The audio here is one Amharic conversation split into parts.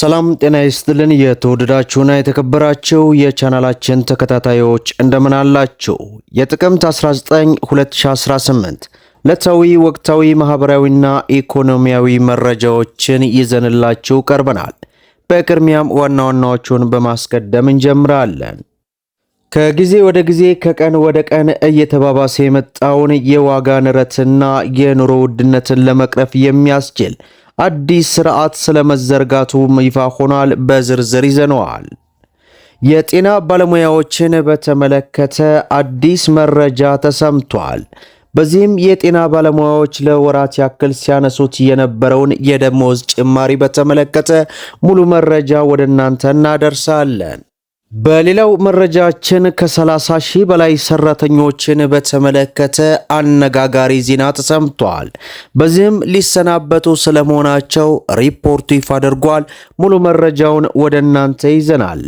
ሰላም ጤና ይስጥልን። የተወደዳችሁና የተከበራችሁ የቻናላችን ተከታታዮች እንደምን አላችሁ? የጥቅምት 19 2018 ዕለታዊ ወቅታዊ ማህበራዊና ኢኮኖሚያዊ መረጃዎችን ይዘንላችሁ ቀርበናል። በቅድሚያም ዋና ዋናዎቹን በማስቀደም እንጀምራለን። ከጊዜ ወደ ጊዜ ከቀን ወደ ቀን እየተባባሰ የመጣውን የዋጋ ንረትና የኑሮ ውድነትን ለመቅረፍ የሚያስችል አዲስ ስርዓት ስለመዘርጋቱም ይፋ ሆኗል። በዝርዝር ይዘነዋል። የጤና ባለሙያዎችን በተመለከተ አዲስ መረጃ ተሰምቷል። በዚህም የጤና ባለሙያዎች ለወራት ያክል ሲያነሱት የነበረውን የደሞዝ ጭማሪ በተመለከተ ሙሉ መረጃ ወደ እናንተ እናደርሳለን። በሌላው መረጃችን ከ30 ሺህ በላይ ሰራተኞችን በተመለከተ አነጋጋሪ ዜና ተሰምቷል። በዚህም ሊሰናበቱ ስለመሆናቸው ሪፖርቱ ይፋ አድርጓል። ሙሉ መረጃውን ወደ እናንተ ይዘናል።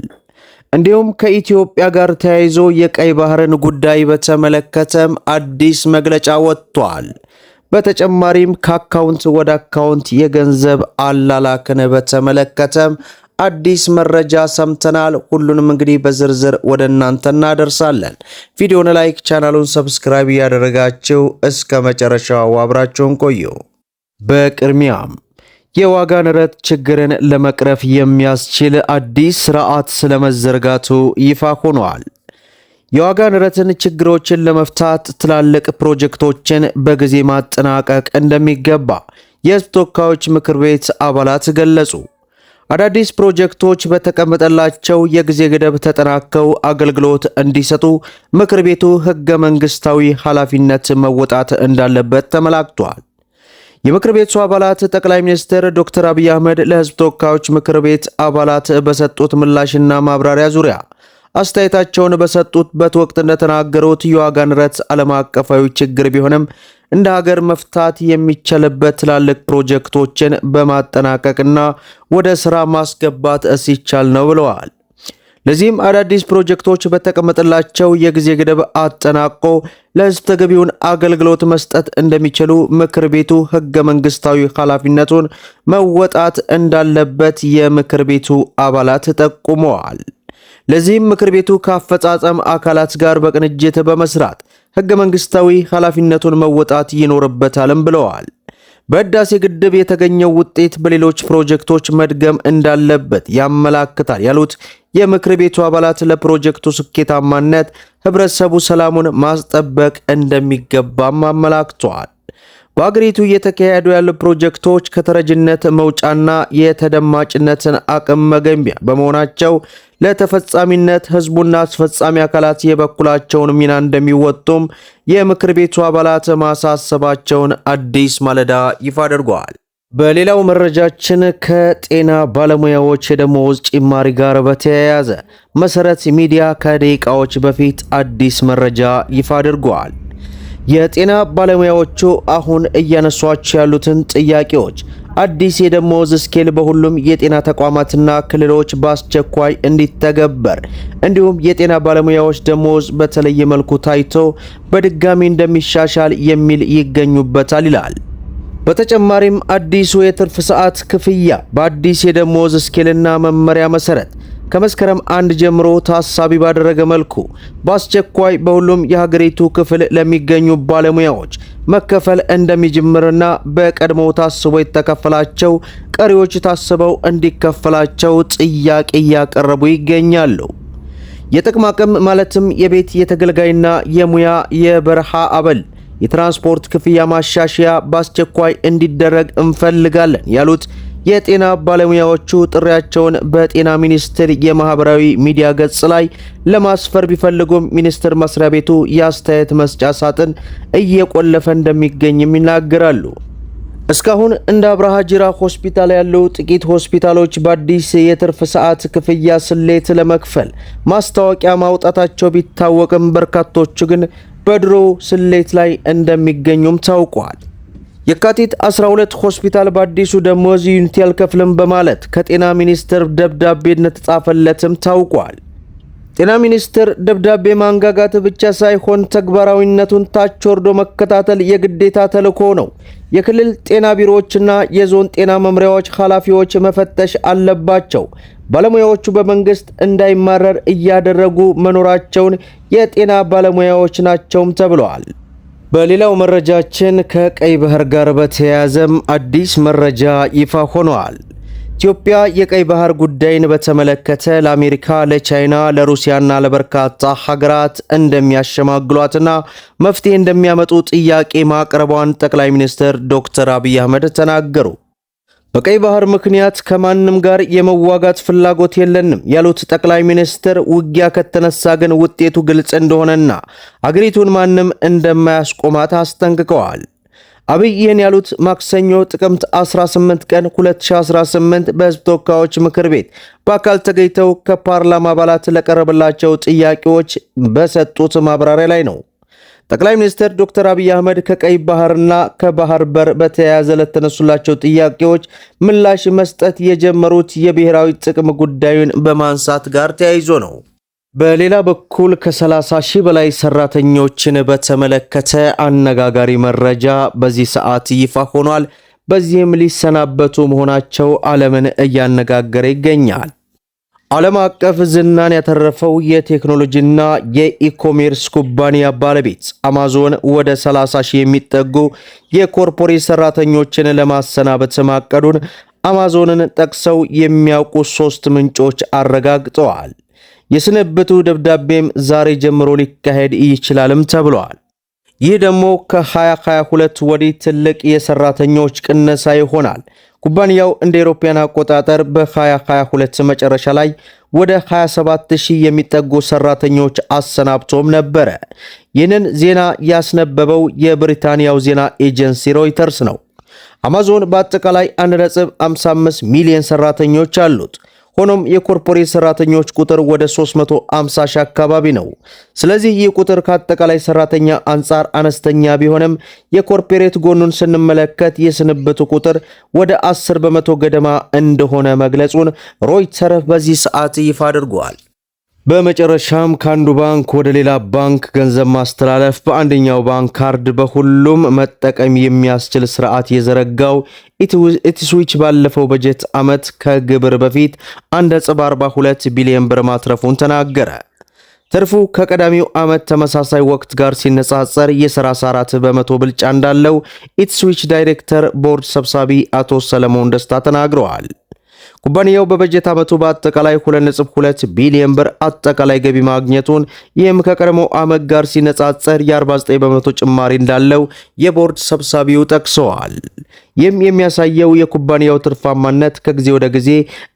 እንዲሁም ከኢትዮጵያ ጋር ተያይዞ የቀይ ባህርን ጉዳይ በተመለከተም አዲስ መግለጫ ወጥቷል። በተጨማሪም ከአካውንት ወደ አካውንት የገንዘብ አላላክን በተመለከተም አዲስ መረጃ ሰምተናል። ሁሉንም እንግዲህ በዝርዝር ወደ እናንተ እናደርሳለን። ቪዲዮን ላይክ፣ ቻናሉን ሰብስክራይብ እያደረጋችሁ እስከ መጨረሻው አብራችሁን ቆዩ። በቅድሚያም የዋጋ ንረት ችግርን ለመቅረፍ የሚያስችል አዲስ ስርዓት ስለመዘርጋቱ ይፋ ሆኗል። የዋጋ ንረትን ችግሮችን ለመፍታት ትላልቅ ፕሮጀክቶችን በጊዜ ማጠናቀቅ እንደሚገባ የሕዝብ ተወካዮች ምክር ቤት አባላት ገለጹ። አዳዲስ ፕሮጀክቶች በተቀመጠላቸው የጊዜ ገደብ ተጠናከው አገልግሎት እንዲሰጡ ምክር ቤቱ ህገ መንግስታዊ ኃላፊነት መወጣት እንዳለበት ተመላክቷል። የምክር ቤቱ አባላት ጠቅላይ ሚኒስትር ዶክተር አብይ አህመድ ለህዝብ ተወካዮች ምክር ቤት አባላት በሰጡት ምላሽና ማብራሪያ ዙሪያ አስተያየታቸውን በሰጡበት ወቅት እንደተናገሩት የዋጋ ንረት ዓለም አቀፋዊ ችግር ቢሆንም እንደ ሀገር መፍታት የሚቻልበት ትላልቅ ፕሮጀክቶችን በማጠናቀቅና ወደ ስራ ማስገባት ሲቻል ነው ብለዋል። ለዚህም አዳዲስ ፕሮጀክቶች በተቀመጠላቸው የጊዜ ገደብ አጠናቆ ለሕዝብ ተገቢውን አገልግሎት መስጠት እንደሚችሉ ምክር ቤቱ ሕገ መንግስታዊ ኃላፊነቱን መወጣት እንዳለበት የምክር ቤቱ አባላት ጠቁመዋል። ለዚህም ምክር ቤቱ ከአፈጻጸም አካላት ጋር በቅንጅት በመስራት ህገ መንግስታዊ ኃላፊነቱን መወጣት ይኖርበታልም ብለዋል። በህዳሴ ግድብ የተገኘው ውጤት በሌሎች ፕሮጀክቶች መድገም እንዳለበት ያመላክታል ያሉት የምክር ቤቱ አባላት ለፕሮጀክቱ ስኬታማነት ህብረተሰቡ ሰላሙን ማስጠበቅ እንደሚገባም አመላክተዋል። በአገሪቱ እየተካሄዱ ያሉ ፕሮጀክቶች ከተረጅነት መውጫና የተደማጭነትን አቅም መገንቢያ በመሆናቸው ለተፈጻሚነት ህዝቡና አስፈጻሚ አካላት የበኩላቸውን ሚና እንደሚወጡም የምክር ቤቱ አባላት ማሳሰባቸውን አዲስ ማለዳ ይፋ አድርገዋል። በሌላው መረጃችን ከጤና ባለሙያዎች የደሞዝ ጭማሪ ጋር በተያያዘ መሰረት ሚዲያ ከደቂቃዎች በፊት አዲስ መረጃ ይፋ አድርገዋል። የጤና ባለሙያዎቹ አሁን እያነሷቸው ያሉትን ጥያቄዎች አዲስ የደሞዝ ስኬል በሁሉም የጤና ተቋማትና ክልሎች በአስቸኳይ እንዲተገበር እንዲሁም የጤና ባለሙያዎች ደሞዝ በተለየ መልኩ ታይቶ በድጋሚ እንደሚሻሻል የሚል ይገኙበታል ይላል። በተጨማሪም አዲሱ የትርፍ ሰዓት ክፍያ በአዲስ የደሞዝ ስኬልና መመሪያ መሰረት ከመስከረም አንድ ጀምሮ ታሳቢ ባደረገ መልኩ በአስቸኳይ በሁሉም የሀገሪቱ ክፍል ለሚገኙ ባለሙያዎች መከፈል እንደሚጀምርና በቀድሞ ታስቦ የተከፈላቸው ቀሪዎች ታስበው እንዲከፈላቸው ጥያቄ እያቀረቡ ይገኛሉ። የጥቅማቅም ማለትም የቤት የተገልጋይና የሙያ የበረሃ አበል የትራንስፖርት ክፍያ ማሻሻያ በአስቸኳይ እንዲደረግ እንፈልጋለን ያሉት የጤና ባለሙያዎቹ ጥሪያቸውን በጤና ሚኒስቴር የማህበራዊ ሚዲያ ገጽ ላይ ለማስፈር ቢፈልጉም ሚኒስቴር መስሪያ ቤቱ የአስተያየት መስጫ ሳጥን እየቆለፈ እንደሚገኝም ይናገራሉ። እስካሁን እንደ አብርሃ ጅራ ሆስፒታል ያሉ ጥቂት ሆስፒታሎች በአዲስ የትርፍ ሰዓት ክፍያ ስሌት ለመክፈል ማስታወቂያ ማውጣታቸው ቢታወቅም በርካቶቹ ግን በድሮ ስሌት ላይ እንደሚገኙም ታውቋል። የካቲት 12 ሆስፒታል በአዲሱ ደሞዝ ዩኒቲ አልከፍልም በማለት ከጤና ሚኒስቴር ደብዳቤ እንደተጻፈለትም ታውቋል። ጤና ሚኒስቴር ደብዳቤ ማንጋጋት ብቻ ሳይሆን ተግባራዊነቱን ታች ወርዶ መከታተል የግዴታ ተልዕኮ ነው። የክልል ጤና ቢሮዎችና የዞን ጤና መምሪያዎች ኃላፊዎች መፈተሽ አለባቸው። ባለሙያዎቹ በመንግስት እንዳይማረር እያደረጉ መኖራቸውን የጤና ባለሙያዎች ናቸውም ተብለዋል። በሌላው መረጃችን ከቀይ ባህር ጋር በተያያዘም አዲስ መረጃ ይፋ ሆኗል። ኢትዮጵያ የቀይ ባህር ጉዳይን በተመለከተ ለአሜሪካ፣ ለቻይና፣ ለሩሲያና ለበርካታ ሀገራት እንደሚያሸማግሏትና መፍትሄ እንደሚያመጡ ጥያቄ ማቅረቧን ጠቅላይ ሚኒስትር ዶክተር አብይ አህመድ ተናገሩ። በቀይ ባህር ምክንያት ከማንም ጋር የመዋጋት ፍላጎት የለንም ያሉት ጠቅላይ ሚኒስትር ውጊያ ከተነሳ ግን ውጤቱ ግልጽ እንደሆነና አገሪቱን ማንም እንደማያስቆማት አስጠንቅቀዋል። አብይ ይህን ያሉት ማክሰኞ ጥቅምት 18 ቀን 2018 በህዝብ ተወካዮች ምክር ቤት በአካል ተገኝተው ከፓርላማ አባላት ለቀረበላቸው ጥያቄዎች በሰጡት ማብራሪያ ላይ ነው። ጠቅላይ ሚኒስትር ዶክተር አብይ አህመድ ከቀይ ባህርና ከባህር በር በተያያዘ ለተነሱላቸው ጥያቄዎች ምላሽ መስጠት የጀመሩት የብሔራዊ ጥቅም ጉዳዩን በማንሳት ጋር ተያይዞ ነው። በሌላ በኩል ከ30 ሺህ በላይ ሰራተኞችን በተመለከተ አነጋጋሪ መረጃ በዚህ ሰዓት ይፋ ሆኗል። በዚህም ሊሰናበቱ መሆናቸው ዓለምን እያነጋገረ ይገኛል። ዓለም አቀፍ ዝናን ያተረፈው የቴክኖሎጂና የኢኮሜርስ ኩባንያ ባለቤት አማዞን ወደ 30 ሺህ የሚጠጉ የኮርፖሬት ሰራተኞችን ለማሰናበት ማቀዱን አማዞንን ጠቅሰው የሚያውቁ ሶስት ምንጮች አረጋግጠዋል። የስንብቱ ደብዳቤም ዛሬ ጀምሮ ሊካሄድ ይችላልም ተብለዋል። ይህ ደግሞ ከ2022 ወዲህ ትልቅ የሰራተኞች ቅነሳ ይሆናል። ኩባንያው እንደ ኤሮፓያን አቆጣጠር በ2022 መጨረሻ ላይ ወደ 27000 የሚጠጉ ሰራተኞች አሰናብቶም ነበረ። ይህንን ዜና ያስነበበው የብሪታንያው ዜና ኤጀንሲ ሮይተርስ ነው። አማዞን በአጠቃላይ 1.55 ሚሊዮን ሰራተኞች አሉት። ሆኖም የኮርፖሬት ሰራተኞች ቁጥር ወደ 350 ሺህ አካባቢ ነው። ስለዚህ ይህ ቁጥር ከአጠቃላይ ሰራተኛ አንጻር አነስተኛ ቢሆንም የኮርፖሬት ጎኑን ስንመለከት የስንብቱ ቁጥር ወደ 10 በመቶ ገደማ እንደሆነ መግለጹን ሮይተር በዚህ ሰዓት ይፋ አድርጓል። በመጨረሻም ከአንዱ ባንክ ወደ ሌላ ባንክ ገንዘብ ማስተላለፍ በአንደኛው ባንክ ካርድ በሁሉም መጠቀም የሚያስችል ስርዓት የዘረጋው ኢትስዊች ባለፈው በጀት ዓመት ከግብር በፊት 1.42 ቢሊዮን ብር ማትረፉን ተናገረ። ትርፉ ከቀዳሚው ዓመት ተመሳሳይ ወቅት ጋር ሲነጻጸር የ34 በመቶ ብልጫ እንዳለው ኢትስዊች ዳይሬክተር ቦርድ ሰብሳቢ አቶ ሰለሞን ደስታ ተናግረዋል። ኩባንያው በበጀት ዓመቱ በአጠቃላይ 2.2 ቢሊዮን ብር አጠቃላይ ገቢ ማግኘቱን ይህም ከቀድሞ ዓመት ጋር ሲነጻጸር የ49 በመቶ ጭማሪ እንዳለው የቦርድ ሰብሳቢው ጠቅሰዋል። ይህም የሚያሳየው የኩባንያው ትርፋማነት ከጊዜ ወደ ጊዜ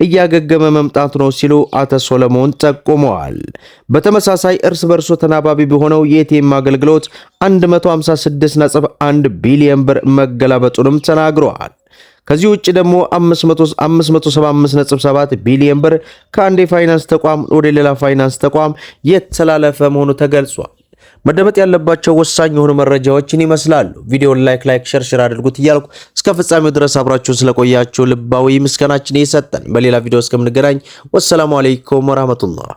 እያገገመ መምጣት ነው ሲሉ አቶ ሶሎሞን ጠቁመዋል። በተመሳሳይ እርስ በርሶ ተናባቢ በሆነው የኤቲኤም አገልግሎት 156.1 ቢሊዮን ብር መገላበጡንም ተናግረዋል። ከዚህ ውጭ ደግሞ 575.7 ቢሊዮን ብር ከአንድ የፋይናንስ ተቋም ወደ ሌላ ፋይናንስ ተቋም የተላለፈ መሆኑ ተገልጿል። መደመጥ ያለባቸው ወሳኝ የሆኑ መረጃዎችን ይመስላሉ። ቪዲዮን ላይክ ላይክ ሸርሸር አድርጉት እያልኩ እስከ ፍጻሜው ድረስ አብራችሁን ስለቆያችሁ ልባዊ ምስጋናችን እየሰጠን በሌላ ቪዲዮ እስከምንገናኝ ወሰላሙ አለይኩም ወራህመቱላህ